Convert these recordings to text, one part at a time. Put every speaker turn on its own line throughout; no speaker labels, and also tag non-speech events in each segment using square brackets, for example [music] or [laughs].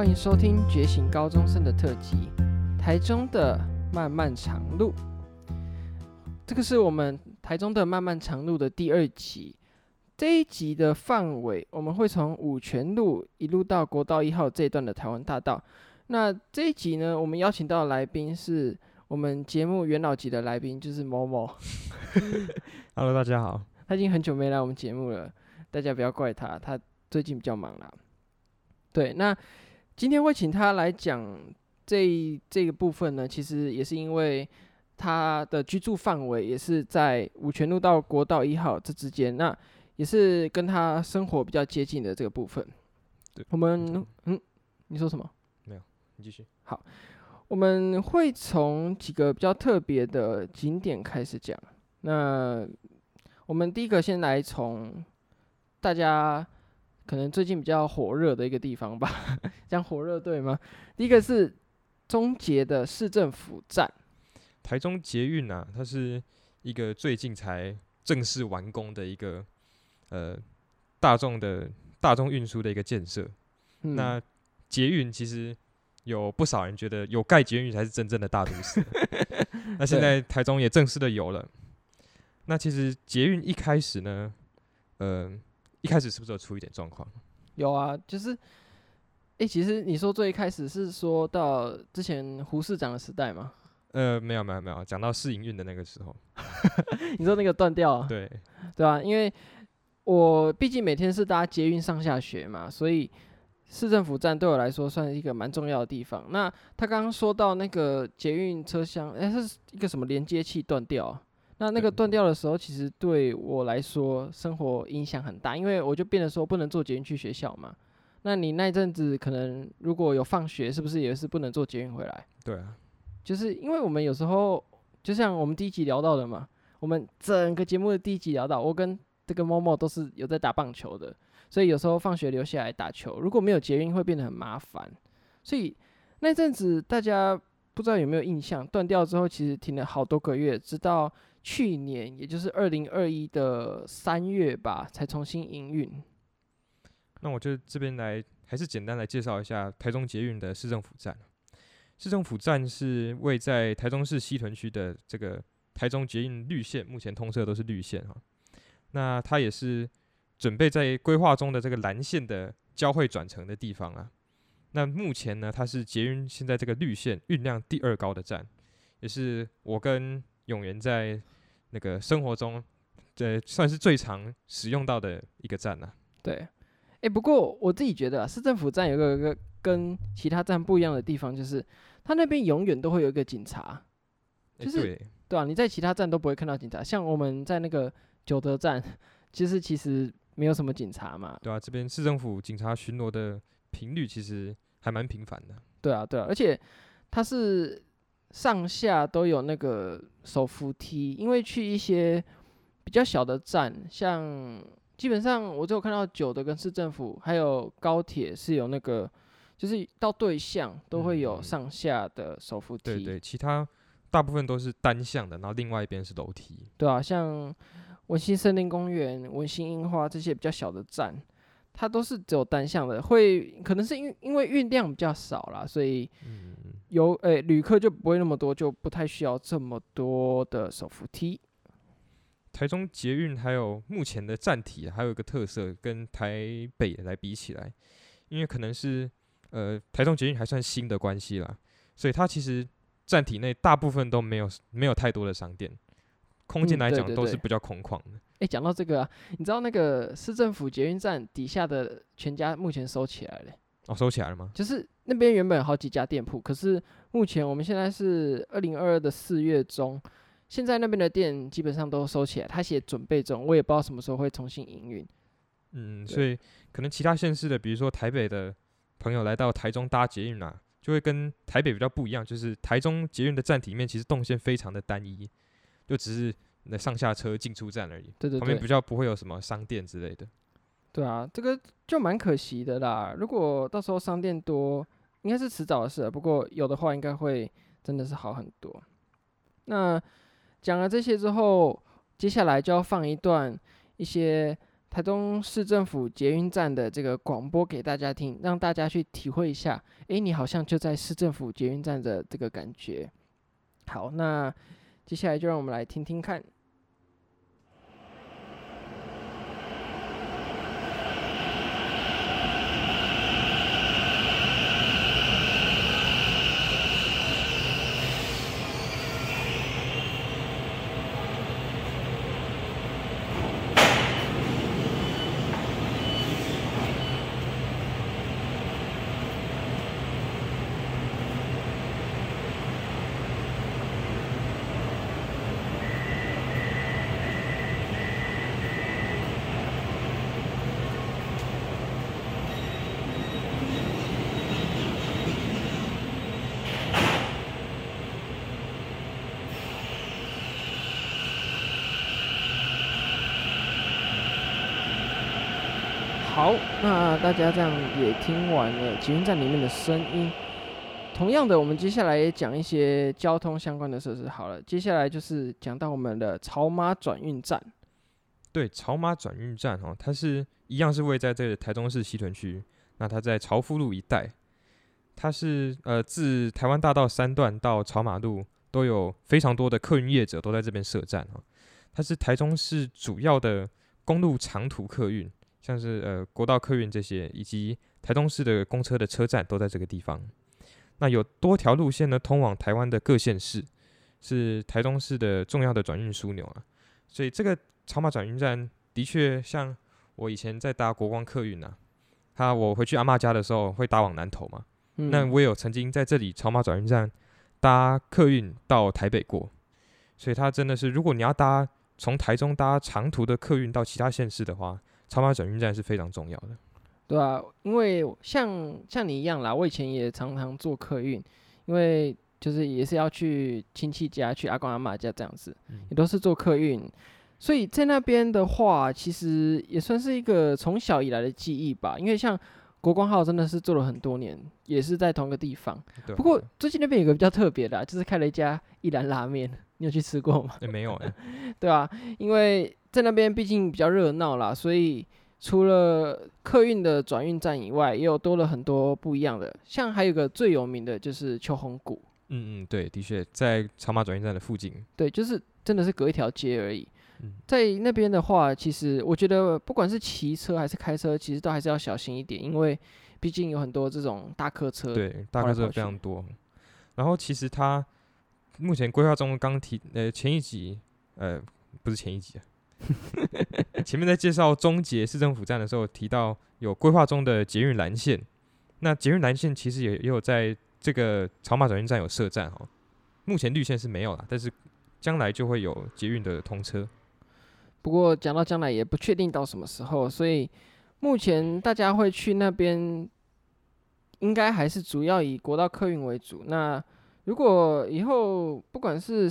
歡迎收聽《覺醒高中生》的特輯《台中的漫漫長路》。這個是我們《台中的漫漫長路》的第二集。這一集的範圍，我們會從五權路一路到國道一號這一段的台灣大道。那這一集呢，我們邀請到的來賓是我們節目元老級的來賓，就是某某。
[laughs] Hello，大家好。他已
經很久沒來我們節目了，大家不要怪他，他最近比較忙啦。對，那。今天會請他來講這這個部分呢，其實也是因為他的居住範圍也是在五權路到國道一號這之間，那也是跟他生活比較接近的這個部分。對，我們嗯，嗯，你說什麼？
沒有，你繼續。
好，我們會從幾個比較特別的景點開始講。那我們第一個先來從大家。可能最近比較火熱的一個地方吧，這樣火熱對嗎？第一個是中捷的市政府站，
台中捷運啊，它是一個最近才正式完工的一個呃大眾的大眾運輸的一個建設。嗯。那捷運其實有不少人覺得有蓋捷運才是真正的大都市， [laughs] [laughs] 那現在台中也正式的有了。那其實捷運一開始呢，呃。一開始是不是有出一點狀況？
有啊，就是，哎，其實你說最一開始是說到之前胡市長的時代嗎？
呃，沒有沒有沒有，講到試營運的那個時候，
[laughs] 你說那個斷掉啊？對對啊，因為我畢竟每天是搭捷運上下學嘛，所以市政府站對我來說算是一個蠻重要的地方。那他剛剛說到那個捷運車廂，哎，是一個什麼連接器斷掉啊？那那個斷掉的時候，其實對我來說生活影響很大，因為我就變得說不能坐捷運去學校嘛。那你那一陣子可能如果有放學，是不是也是不能坐捷運回來？對啊，就是因為我們有時候就像我們第一集聊到的嘛，我們整個節目的第一集聊到我跟這個某某都是有在打棒球的，所以有時候放學留下來打球，如果沒有捷運會變得很麻煩。所以那陣子大家不知道有沒有印象，斷掉之後其實停了好多個月，直到。去年，也就是二零二一的三月吧，才重新營運。
那我就這邊來，還是簡單來介紹一下台中捷運的市政府站。市政府站是位在台中市西屯區的這個台中捷運綠線，目前通車都是綠線哈、哦。那它也是準備在規劃中的這個藍線的交匯轉乘的地方啊。那目前呢，它是捷運現在這個綠線運量第二高的站，也是我跟。永遠在那個生活中，呃，算是最常使用到的一個站了，啊。
對，哎，欸，不過我自己覺得，市政府站有一個跟其他站不一樣的地方，就是他那邊永遠都會有一個警察，就是，欸，對，對啊，你在其他站都不會看到警察，像我們在那個九德站，其實其實沒有什麼警
察嘛。對啊，這邊市政府警察巡邏的頻率其實還蠻頻繁的。
對啊，對啊，而且他是。上下都有那個手扶梯，因為去一些比較小的站，像基本上我只有看到九德跟市政府，還有高鐵是有那個，就是到對向
都會有上下的手扶梯。嗯、對，對對，其他大部分都是單向的，然後另外一邊是樓梯。
對啊，像文心森林公園、文心櫻花這些比較小的站，它都是只有單向的，會可能是因為因為運量比較少啦，所以。嗯有誒、欸，旅客就不會那麼多，就不太需要這麼多的手
扶梯。台中捷運還有目前的站體、啊，還有一個特色跟台北來比起來，因為可能是呃台中捷運還算新的關係啦，所以它其實站體內大部分都沒有沒有太多的商店，空間來講都是比較空曠的。
哎、嗯，講、欸、到這個啊，你知道那個市政府捷運站底下的全家目前收起來
了，哦，收起來了嗎？就
是。那邊原本有好幾家店鋪，可是目前我們現在是二零二二的四月中，現在那邊的店基本上都收起來，他寫準備中，我也不知道什麼時候會重新營運。
嗯，所以可能其他縣市的，比如說台北的朋友來到台中搭捷運啊，就會跟台北比較不一樣，就是台中捷運的站體裡面其實動線非常的單一，就只是那上下車進出站而已。對對對。旁邊比較不會有什麼商店之類的。
對啊，這個就蠻可惜的啦。如果到時候商店多。應該是遲早的事，不過有的話，應該會真的是好很多。那講了這些之後，接下來就要放一段一些台中市政府捷運站的這個廣播給大家聽，讓大家去體會一下。哎、欸，你好像就在市政府捷運站的這個感覺。好，那接下來就讓我們來聽聽看。那大家這樣也聽完了集運站裡面的聲音。同樣的，我們接下來也講一些交通相關的設施。好了，接下來就是講到我們的潮馬轉運站。
對，潮馬轉運站哦，它是一樣是位在這個台中市西屯區。那它在潮福路一帶，它是呃自台灣大道三段到潮馬路都有非常多的客運業者都在這邊設站。哦，它是台中市主要的公路長途客運。像是呃國道客運這些，以及臺中市的公車的車站都在這個地方。那有多條路線呢通往臺灣的各縣市，是臺中市的重要的轉運樞紐啊。所以這個朝馬轉運站的確像我以前在搭國光客運啊，他我回去阿嬤家的時候會搭往南投嘛。嗯，那我有曾經在這裡朝馬轉運站搭客運到臺北過，所以它真的是如果你要搭從台中搭長途的客運到其他縣市的話。朝馬轉運站是非常重要的，
對啊，因為像像你一樣啦，我以前也常常坐客運，因為就是也是要去親戚家、去阿公阿嬤家這樣子，也都是坐客運、嗯，所以在那邊的話，其實也算是一個從小以來的記憶吧。因為像國光號真的是坐了很多年，也是在同一個地方。啊、不過最近那邊有個比較特別的、啊，就是開了一家一蘭拉麵，你有去吃過嗎？也、欸、沒有、欸， [laughs] 對啊，因為。在那邊畢竟比較熱鬧啦，所以除了客運的轉運站以外，也有多了很多不一樣的。像還有個最有名的，就是秋紅谷。
嗯嗯，對，的確在朝馬轉運站的附近。
對，就是真的是隔一條街而已。嗯。在那邊的話，其實我覺得不管是騎車還是開車，其實都還是要小心一點，因為畢竟有很多這種大客車。對，大客車非常
多。然後其實它目前規劃中剛提，呃，前一集，呃，不是前一集啊。 [laughs] 前面在介紹中捷市政府站的時候，提到有規劃中的捷運藍線，那捷運藍線其實也也有在這個朝馬轉運站有設站哈，目前綠線是沒有了，但是將來就會有捷運的通車。
不過講到將來也不確定到什麼時候，所以目前大家會去那邊，應該還是主要以國道客運為主。那如果以後不管是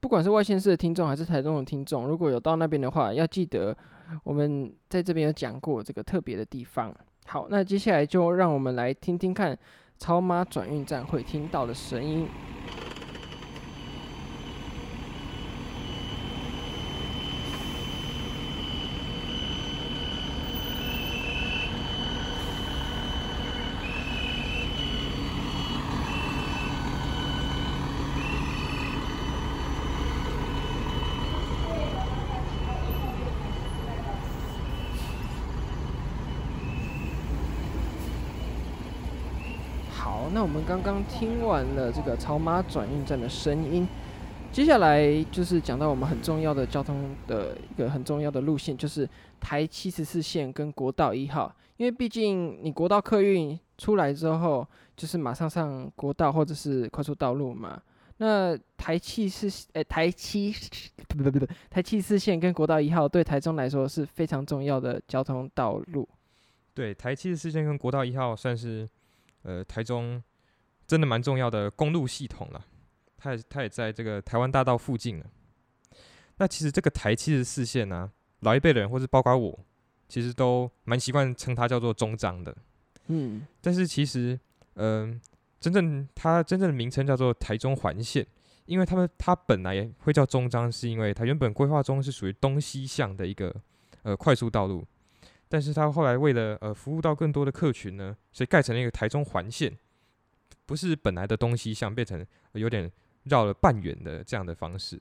不管是外縣市的聽眾還是台中的聽眾，如果有到那邊的話，要記得我們在這邊有講過這個特別的地方。好，那接下來就讓我們來聽聽看朝馬轉運站會聽到的聲音。那我們剛剛聽完了這個朝馬轉運站的聲音，接下來就是講到我們很重要的交通的一個很重要的路線，就是台七十四線跟國道一號。因為畢竟你國道客運出來之後，就是馬上上國道或者是快速道路嘛。那台七十四，誒、欸，台七，不不不，台七十四線跟國道一號對台中來說是非常重要的交通道路。
對，台七十四線跟國道一號算是。呃，台中真的蠻重要的公路系統了，它也它也在這個台灣大道附近。那其實這個台七十四線呢，啊，老一輩的人或者包括我，其實都蠻習慣稱它叫做中彰的，嗯。但是其實，嗯、呃，真正它真正的名稱叫做台中環線，因為他們它本來也會叫中彰，是因為它原本規劃中是屬於東西向的一個呃快速道路。但是他後來為了呃服務到更多的客群呢，所以蓋成了一個台中環線，不是本來的東西像，像變成有點繞了半圓的這樣的方式。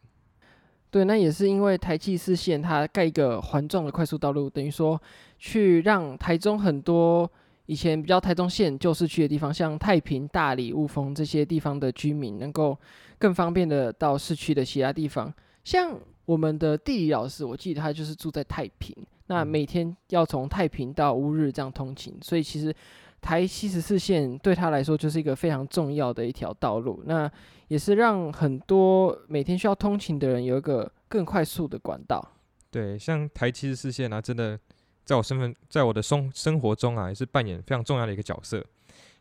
對，那也是因為台七四線它蓋一個環狀的快速道路，等於說去讓台中很多以前比較台中縣舊市區的地方，像太平、大里、霧峰這些地方的居民，能夠更方便的到市區的其他地方。像我們的地理老師，我記得他就是住在太平。那每天要從太平到烏日這樣通勤，所以其實台七十四線對他來說就是一個非常重要的一條道路。那也是讓很多每天需要通勤的人有一個更快速的管道。
對，像台七十四線啊，真的在我身份，在我的生生活中啊，也是扮演非常重要的一個角色。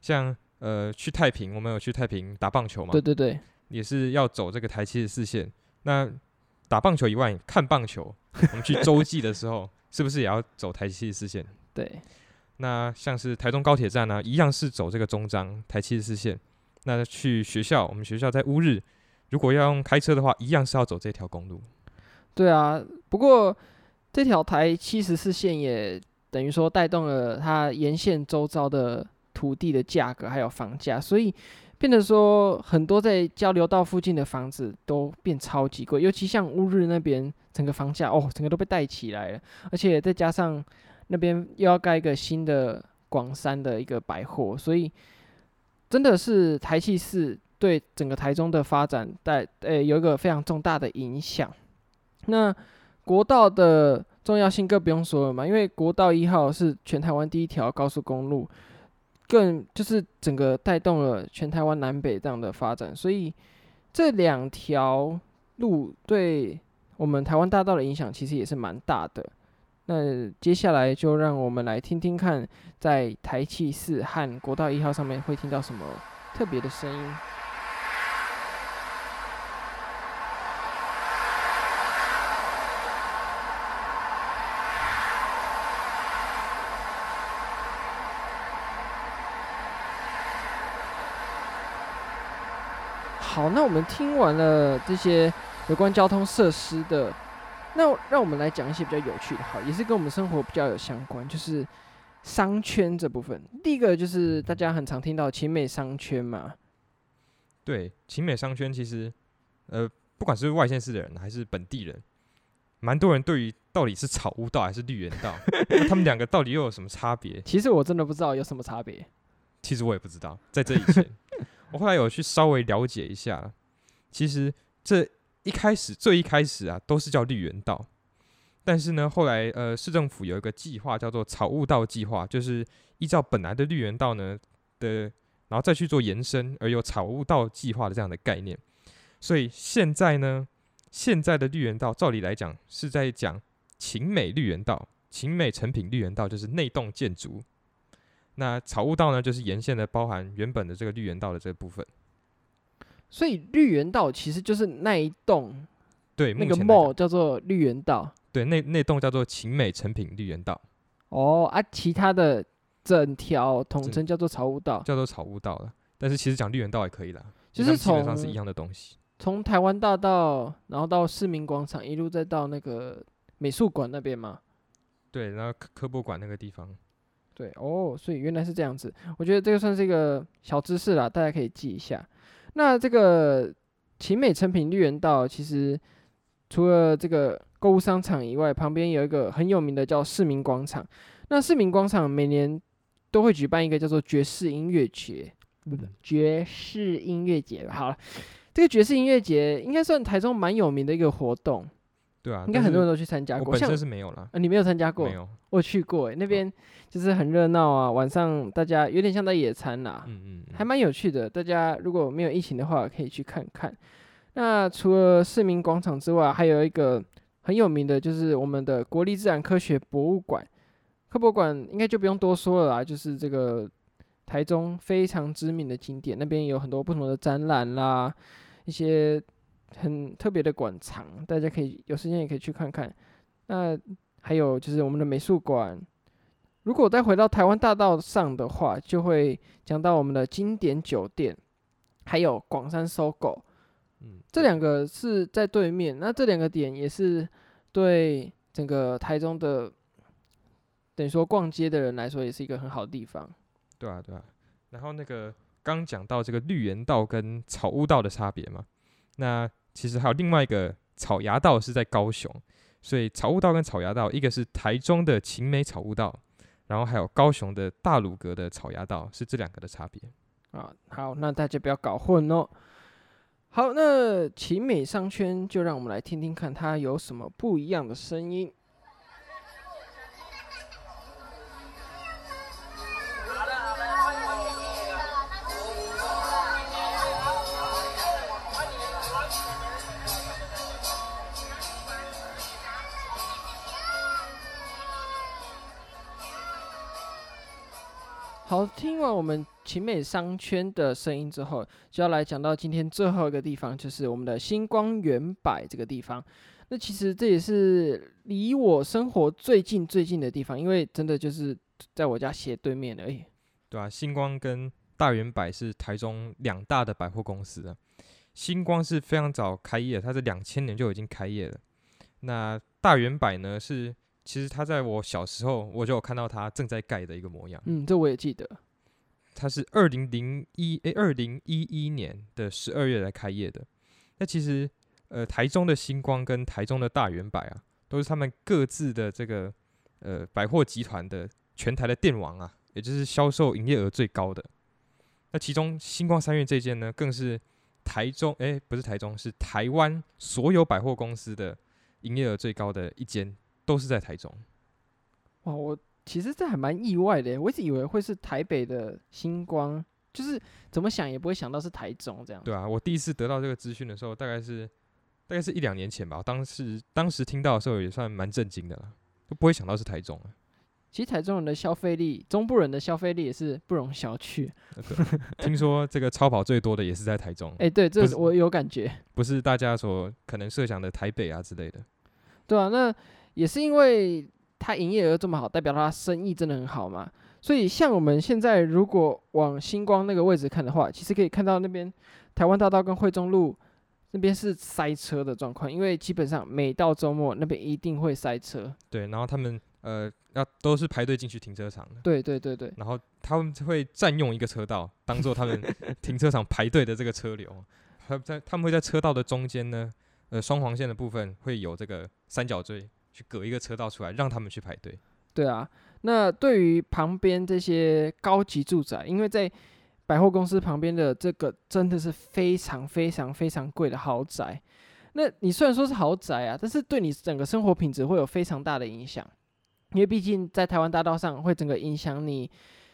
像呃，去太平，我們有去太平打棒球嘛？對對對，也是要走這個台七十四線。那打棒球以外，看棒球，我們去洲際的時候。 [laughs] 是不是也要走台七十四線？對，那像是台中高鐵站呢，啊，一樣是走這個中彰台七十四線。那去學校，我們學校在烏日，如果要用開車的話，一樣是要走這條公路。
對啊，不過這條台七十四線也等於說帶動了它沿線周遭的土地的價格，還有房價，所以變得說很多在交流道附近的房子都變超級貴，尤其像烏日那邊。整個房價哦，整個都被帶起來了，而且再加上那邊又要蓋一個新的廣三的一個百貨，所以真的是台氣市對整個台中的發展帶誒、欸、有一個非常重大的影響。那國道的重要性更不用說了嘛，因為國道一號是全台灣第一條高速公路，更就是整個帶動了全台灣南北這樣的發展，所以這兩條路對。我們臺灣大道的影響其實也是蠻大的。那接下來就讓我們來聽聽看，在台74和國道一號上面會聽到什麼特別的聲音。好，那我們聽完了這些有關交通設施的，那讓我們來講一些比較有趣的，好，也是跟我們生活比較有相關，就是商圈這部分。第一個就是大家很常聽到勤美商圈嘛。
對，勤美商圈其實，呃，不管是外縣市的人還是本地人，蠻多人對於到底是草悟道還是綠園道， [laughs] 啊、他們兩個到底又有什麼差別？其
實我真的不知道有什麼差別。
其實我也不知道，在這以前。 [laughs] 我後來有去稍微了解一下，其實這一開始最一開始啊，都是叫綠園道，但是呢，後來呃，市政府有一個計劃叫做草悟道計劃，就是依照本來的綠園道呢的，然後再去做延伸，而有草悟道計劃的這樣的概念，所以現在呢，現在的綠園道照理來講是在講勤美綠園道、勤美誠品綠園道，就是內棟建築。那草悟道呢？就是沿線的包含原本的這個綠園道的這個部分。
所以綠園道其實就是那一棟，
對，那個
mall 叫做綠園道。
對，那那棟叫做勤美誠品綠園道。
哦啊，其他的整條統稱叫做草悟道，
叫做草悟道了、啊。但是其實講綠園道也可以啦，就是、其實基本上是一樣的東西。
從台灣大道，然後到市民廣場，一路再到那個美術館那邊嘛。
對，然後科博館那個地方。
對哦，所以原來是這樣子，我覺得這個算是一個小知識啦，大家可以記一下。那這個勤美誠品綠園道，其實除了這個購物商場以外，旁邊有一個很有名的叫市民廣場。那市民廣場每年都會舉辦一個叫做爵士音樂節，嗯、爵士音樂節。好了，這個爵士音樂節應該算台中蠻有名的一個活動。
對啊，應該很多人都去參加過。我本身是沒有啦、啊，你沒有參加過？沒有，
我去過。欸，那邊就是很熱鬧啊，晚上大家有點像在野餐啦、啊，嗯，嗯嗯，還蠻有趣的。大家如果沒有疫情的話，可以去看看。那除了市民廣場之外，還有一個很有名的就是我們的國立自然科學博物館，科博館應該就不用多說了啦，就是這個台中非常知名的景點，那邊有很多不同的展覽啦，一些，很特別的廣場，大家可以有時間也可以去看看。那還有就是我們的美術館。如果再回到台灣大道上的話，就會講到我們的金典酒店，還有廣三 SOGO 嗯，這兩個是在對面。嗯、那這兩個點也是對整個台中的，等於說逛街的人來說，也是一個很好的地方。
對啊，對啊。然後那個剛講到這個綠園道跟草悟道的差別嗎？那其實還有另外一個草衙道是在高雄，所以草悟道跟草衙道，一個是台中的勤美草悟道，然後還有高雄的大魯閣的草衙道，是這兩個的差別
啊。好，那大家不要搞混哦。好，那勤美商圈，就讓我們來聽聽看它有什麼不一樣的聲音。好，聽完我們勤美商圈的聲音之後，就要來講到今天最後一個地方，就是我們的新光遠百這個地方。那其實這也是離我生活最近最近的地方，因為真的就是在我家斜對面而已。
對啊，新光跟大遠百是台中兩大的百貨公司啊。新光是非常早開業的，它是兩千年就已經開業了。那大遠百呢是。其實他在我小時候，我就有看到他正在蓋的一個模樣。嗯，這我也記得。它是二零零一誒，二零一一年的十二月來開業的。那其實，呃，台中的新光跟台中的大遠百啊，都是他們各自的這個呃百貨集團的全台的店王啊，也就是銷售營業額最高的。那其中新光三越這間呢，更是台中誒、欸，不是台中，是台灣所有百貨公司的營業額最高的一間。都是在台中，
哇！我其實這還蠻意外的，我一直以為會是台北的星光，就是怎麼想也不會想到是台中這樣。對
啊，我第一次得到這個資訊的時候，大概是大概是一兩年前吧。當時當時聽到的時候，也算蠻震驚的了，都不會想到是台中啊。
其實台中人的消費力，中部人的消費力也是不容小覷。
[laughs] 聽說這個超跑最多的也是在台中，哎、欸，對，這個、我有感覺，不，不是大家所可能設想的台北啊之類的。
對啊，那。也是因為它營業額這麼好，代表它生意真的很好嘛？所以像我們現在如果往星光那個位置看的話，其實可以看到那邊台灣大道跟惠中路那邊是塞車的狀況，因為基本上每到周末那邊一定會塞車。
對，然後他們呃要都是排隊進去停車場的。對對對對。然後他們會占用一個車道，當做他們停車場排隊的這個車流，他們 [laughs] 在他們會在車道的中間呢，呃雙黃線的部分會有這個三角錐。去隔一個車道出來，讓他們去排隊。對啊，那對於
旁邊這些高級住宅，因為在百貨公司旁邊的這個真的是非常非常非常貴的豪宅。那你雖然說是豪宅啊，但是對你整個生活品質會有非常大的影響，因為畢竟在台灣大道上會整個影響你，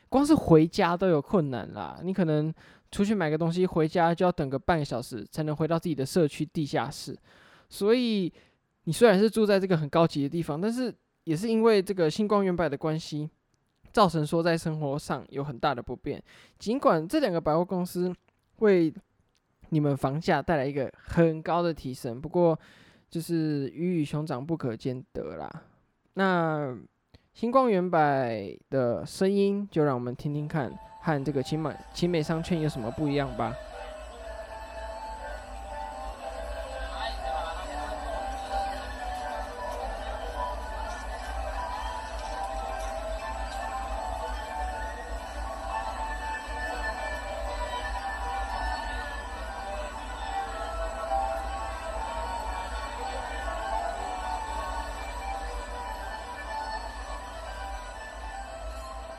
光是回家都有困難啦。你可能出去買個東西，回家就要等個半小時才能回到自己的社區地下室，所以。你雖然是住在這個很高級的地方，但是也是因為這個新光遠百的關係，造成說在生活上有很大的不便。儘管這兩個百貨公司為你們房價帶來一個很高的提升，不過就是魚與熊掌不可兼得啦。那新光遠百的聲音，就讓我們聽聽看，和這個勤美勤美商圈有什麼不一樣吧。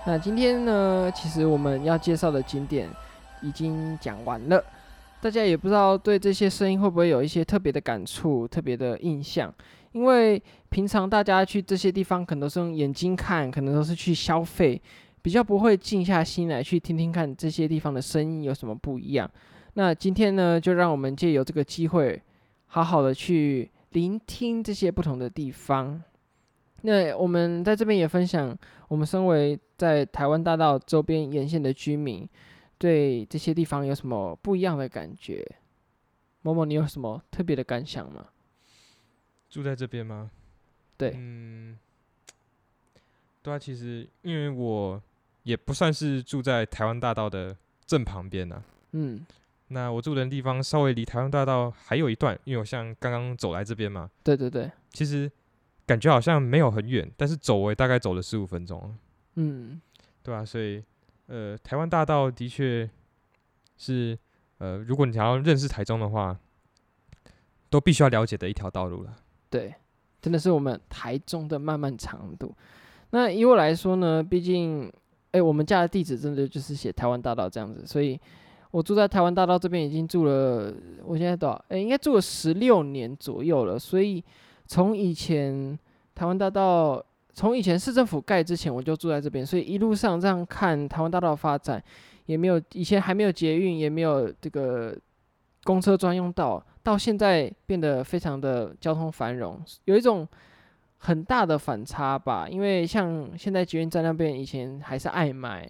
那今天呢，其實我們要介紹的景點已經講完了，大家也不知道對這些聲音會不會有一些特別的感觸、特別的印象，因為平常大家去這些地方可能都是用眼睛看，可能都是去消費，比較不會靜下心來去聽聽看這些地方的聲音有什麼不一樣。那今天呢，就讓我們借由這個機會，好好的去聆聽這些不同的地方。那我們在這邊也分享，我們身為在台灣大道周邊沿線的居民，對這些地方有什麼不一樣的感覺？某某你有什麼特別的感想嗎？
住在這邊嗎？對，嗯，對啊，其實因為我也不算是住在台灣大道的正旁邊呢、啊。嗯，那我住的地方稍微離台灣大道還有一段，因為我像剛剛走來這邊嘛，對對對，其實。感覺好像沒有很遠，但是走我也大概走了十五分鐘。嗯，對啊。所以，呃，台灣大道的確是，呃，如果你想要認識台中的話，都必須要了解的一條道路了。
對，真的是我們台中的漫漫長路。那以我來說呢，畢竟，哎、欸，我們家的地址真的就是寫台灣大道這樣子，所以我住在台灣大道這邊已經住了，我現在多少哎、欸、應該住了十六年左右了，所以。從以前台灣大道從以前市政府蓋之前，我就住在這邊，所以一路上這樣看台灣大道的發展，也沒有以前還沒有捷運，也沒有這個公車專用道，到現在變得非常的交通繁榮，有一種很大的反差吧。因為像現在捷運站那邊，以前還是愛買，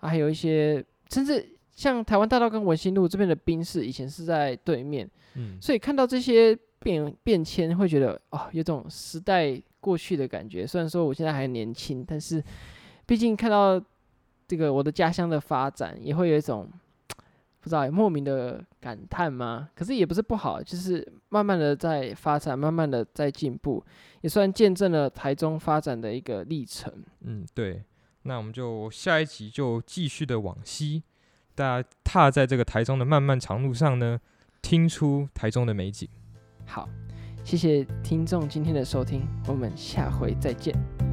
啊、還有一些，甚至像台灣大道跟文心路這邊的賓士，以前是在對面，嗯，所以看到這些。變變遷會覺得哦，有種時代過去的感覺。雖然說我現在還年輕，但是畢竟看到這個我的家鄉的發展，也會有一種不知道莫名的感嘆嗎？可是也不是不好，就是慢慢的在發展，慢慢的在進步，也算見證了台中發展的一個歷程。
嗯，對。那我們就下一集就繼續的往西，大家踏在這個台中的漫漫長路上呢，聽出台中的美景。好，謝謝聽眾
今天的收聽，我們下回再見。